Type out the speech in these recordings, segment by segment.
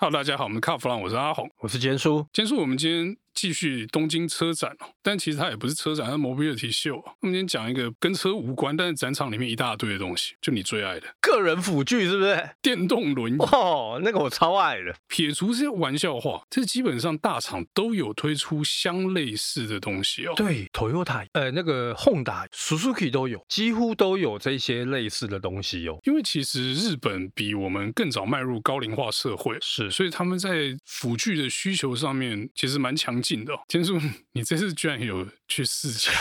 哈嘍，大家好，我們是卡弗朗，我是阿紅，我是兼叔，兼叔，我們今天繼續東京車展哦，但其實它也不是車展，它是 mobility 秀。我們今天講一個跟車無關，但是展場裡面一大堆的東西，就你最愛的個人輔具，是不是電動輪椅？哦，那個我超愛的。撇除這些玩笑話，這基本上大廠都有推出相類似的東西哦。對，Toyota、呃，那個 Honda、Suzuki 都有，幾乎都有這些類似的東西哦。因為其實日本比我們更早邁入高齡化社會，是，所以他們在輔具的需求上面其實蠻強勁。行動，兼叔，你這次居然有去試一下，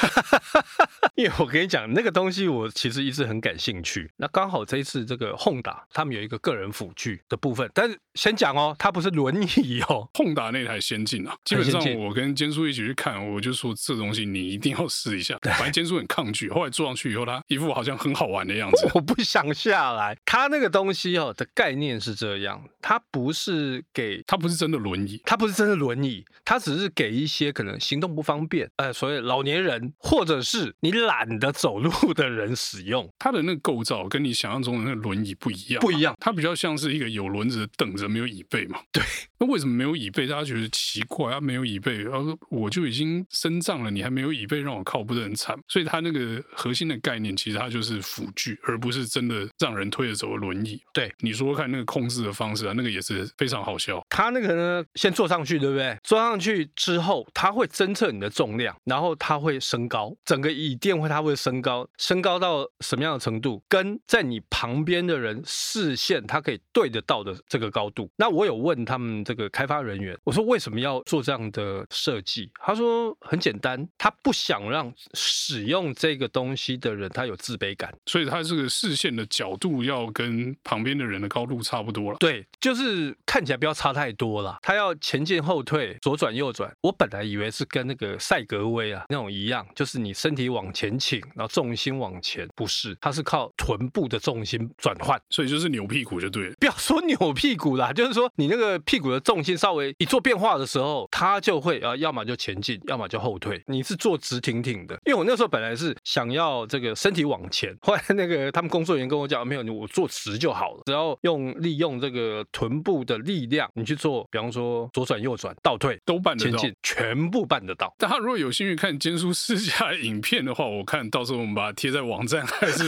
因為我跟你講，那個東西我其實一直很感興趣。那剛好這一次這個 Honda，他們有一個個人輔具的部分。但是先講哦，它不是輪椅哦，Honda 那台先進啊。基本上我跟兼叔一起去看，我就說這東西你一定要試一下。對反正兼叔很抗拒，後來坐上去以後，他一副好像很好玩的樣子，我不想下來。他那個東西哦的概念是這樣，他不是給，他不是真的輪椅，他不是真的輪椅，他只是給一些可能行動不方便，呃，所以。老年人或者是你懶得走路的人使用它，的那個構造，跟你想象中的那個輪椅不一樣、啊，不一樣，它比較像是一個有輪子等、凳子，沒有椅背嘛。對，那為什麼沒有椅背？大家覺得奇怪，它沒有椅背，啊、我就已經身障了，你還沒有椅背讓我靠，不是很慘？所以它那個核心的概念其實它就是輔具，而不是真的讓人推着走的輪椅。對，你說說看那個控制的方式啊，那個也是非常好笑。它那個呢，先坐上去，對不對？坐上去之後，它會偵測你的重量，然後。它會升高，整個椅墊會它會升高，升高到什麼樣的程度？跟在你旁邊的人視線，它可以對得到的這個高度。那我有問他們這個開發人員，我說，為什麼要做這樣的設計？他說很簡單，他不想讓使用這個東西的人他有自卑感，所以他這個視線的角度要跟旁邊的人的高度差不多了。對，就是看起來不要差太多了。他要前進後退，左轉右轉。我本來以為是跟那個賽格威啊，那種一樣，就是你身體往前傾，然後重心往前，不是，它是靠臀部的重心轉換，所以就是扭屁股就對了。說扭屁股啦，就是說你那個屁股的重心稍微一做變化的時候，它就會啊，要麼就前進，要麼就後退。你是坐直挺挺的，因為我那時候本來是想要這個身體往前，後來那個他們工作人員跟我講，啊、沒有你，我坐直就好了，只要用利用這個臀部的力量，你去做，比方說左轉、右轉、倒退都辦得到，前進全部辦得到。大家如果有興趣看兼叔試駕影片的話，我看到時候我們把它貼在網站還是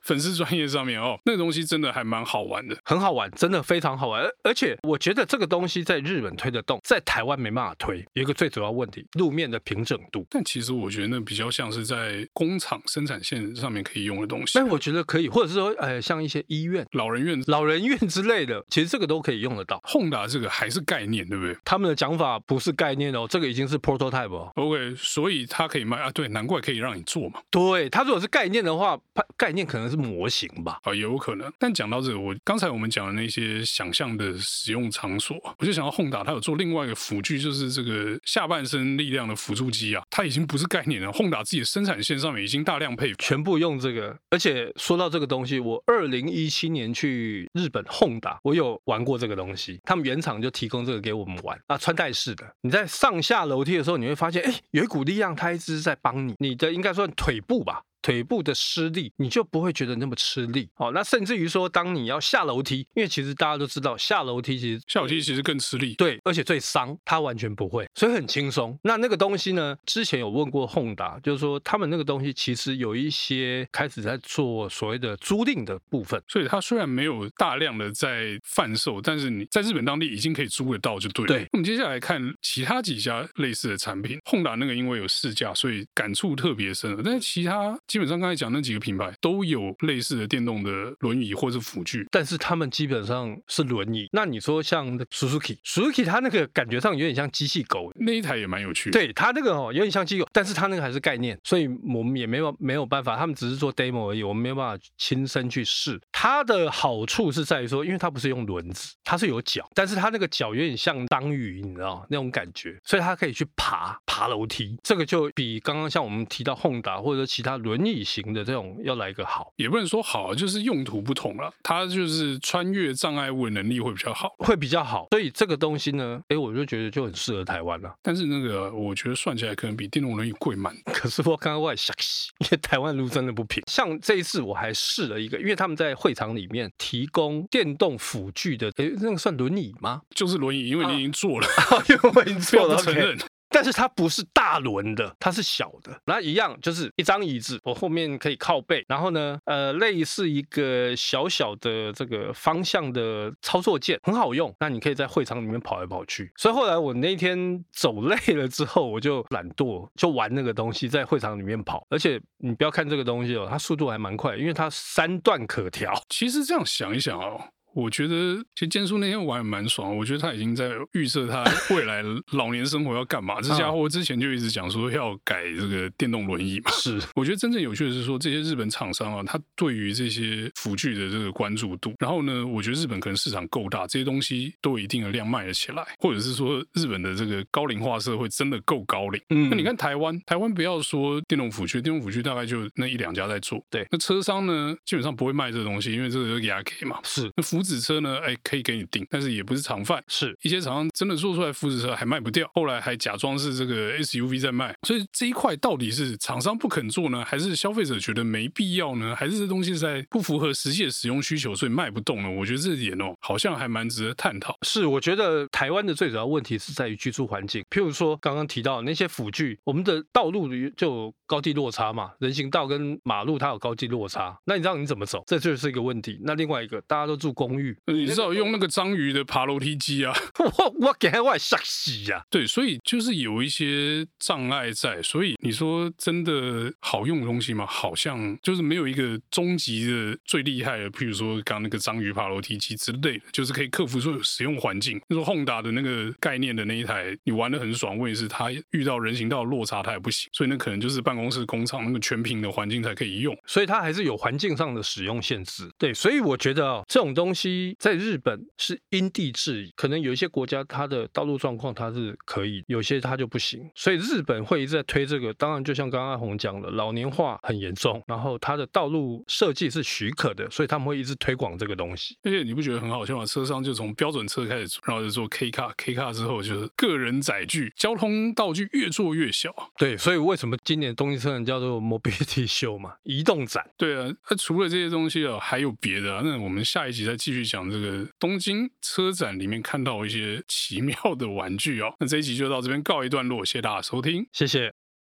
粉絲專頁上面 哦，那個東西真的還蠻好玩的，很好玩。真的非常好玩，而且我覺得這個東西在日本推得動，在台灣沒辦法推。有一個最主要問題，路面的平整度。但其實我覺得那比較像是在工廠生產線上面可以用的東西。但我覺得可以，或者是說，呃、哎，像一些醫院、老人院、老人院之類的，其實這個都可以用得到。Honda 這個還是概念，對不對？他們的講法不是概念哦，這個已經是 prototype 哦。OK，所以他可以賣啊？對，難怪可以讓你做嘛。對，他如果是概念的話，概念可能是模型吧？啊，有可能。但講到這個，我剛才我們講。那些想象的使用場所，我就想要 Honda。他有做另外一個輔具，就是這個下半身力量的輔助機啊，它已經不是概念了。Honda 自己的生產線上面已經大量配，全部用這個。而且說到這個東西，我二零一七年去日本 Honda，我有玩過這個東西。他們原廠就提供這個給我們玩啊，穿戴式的。你在上下樓梯的時候，你會發現，哎，有一股力量，它一直在幫你。你的應該算腿部吧，腿部的施力，你就不會覺得那麼吃力。好，那甚至於說，當你要下樓梯，因為其實大家都知道，下樓梯其實下樓梯其實更吃力，對，而且最傷，它完全不會，所以很輕鬆。那那個東西呢？之前有問過 Honda，就是說他們那個東西其實有一些開始在做所謂的租賃的部分，所以它雖然沒有大量的在販售，但是你在日本當地已經可以租得到，就對了。對。那我們接下來看其他幾家類似的產品，Honda 那個因為有試駕，所以感觸特別深，但是其他。基本上剛才講那幾個品牌都有類似的電動的輪椅或是輔具，但是他們基本上是輪椅。那你說像 Suzuki，Suzuki 它那個感覺上有點像機器狗，那一台也蠻有趣。對，它那個哦有點像機器狗，但是它那個還是概念，所以我們也沒有沒有辦法，他們只是做 demo 而已，我們沒有辦法親身去試。它的好處是在於說，因為它不是用輪子，它是有腳，但是它那個腳有點像當魚，你知道那種感覺，所以它可以去爬爬樓梯。這個就比剛剛像我們提到 Honda 或者其他輪椅。逆行的這種要來一個好，也不能說好，就是用途不同了。它，就是穿越障礙物的能力會比較好，會比較好。所以這個東西呢，哎，我就覺得就很適合台灣了。但是那個，我覺得算起來可能比電動輪椅貴蠻。可是我剛剛我還想，因為台灣路真的不平。像這一次我還試了一個，因為他們在會場裡面提供電動輔具的，哎，那個算輪椅嗎？就是輪椅，因為你已經坐了，啊啊、因為我已經坐了承認，okay. 但是它不是大輪的，它是小的，那一樣就是一張椅子，我後面可以靠背，然後呢，呃，類似一個小小的這個方向的操作鍵，很好用。那你可以在會場裡面跑來跑去。所以後來我那一天走累了之後，我就懶惰，就玩那個東西，在會場裡面跑。而且你不要看這個東西哦，它速度還蠻快，因為它三段可調。其實這樣想一想哦。我覺得其實兼叔那天玩還蠻爽，啊。我覺得他已經在預測他未來老年生活要幹嘛。這家伙之前就一直講說要改這個電動輪椅嘛。是,我覺得真正有趣的是說，這些日本廠商啊,他對於這些輔具的這個關注度。然後呢,我覺得日本可能市場夠大,這些東西都有一定的量賣得起來。或者是說日本的這個高齡化社會真的夠高齡。嗯。那你看台灣,台灣不要說電動輔具,電動輔具大概就那一兩家在做。對。那車商呢,基本上不會賣這個東西,因為這個給阿 K 嘛。是。那輔。福祉車呢？哎，可以給你訂，但是也不是常販。是一些廠商真的做出來福祉車還賣不掉，後來還假裝是這個 SUV 在賣。所以這一塊到底是廠商不肯做呢？還是消費者覺得沒必要呢？還是這東西在不符合實際的使用需求，所以賣不動呢？我覺得這點哦，好像還蠻值得探討。是，我覺得台灣的最主要問題是在於居住環境。譬如說剛剛提到的那些輔具，我們的道路就高低落差嘛，人行道跟馬路它有高低落差，那你知道你怎麼走？這就是一個問題。那另外一個，大家都住公嗯、你知道用那個章魚的爬樓梯機啊？我我我嚇死呀，啊！對，所以就是有一些障礙在。所以你說真的好用的東西嗎？好像就是沒有一個終極的最厲害的，譬如說剛剛那個章魚爬樓梯機之類的，就是可以克服所有使用環境。你說 Honda 的那個概念的那一台，你玩的很爽，我也是它，遇到人行道落差它也不行。所以那可能就是辦公室、工廠那個全屏的環境才可以用。所以它還是有環境上的使用限制。對，所以我覺得、喔、這種東西。西在日本是因地制宜，可能有一些國家它的道路狀況它是可以，有些它就不行，所以日本會一直在推這個。當然，就像剛剛阿紅講的，老年化很嚴重，然後它的道路設計是許可的，所以他們會一直推廣這個東西。而且你不覺得很好笑嗎？車商就從標準車開始做，然後就做 K 卡，K 卡之後就是個人載具、交通道具越做越小。對，所以為什麼今年東京車展叫做 Mobility Show 嘛，移動展？對啊，那、啊、除了這些東西哦，還有別的、啊。那我們下一集再。繼續講這個東京車展裡面看到一些奇妙的玩具哦，那這一集就到這邊告一段落，謝謝大家收聽，謝謝。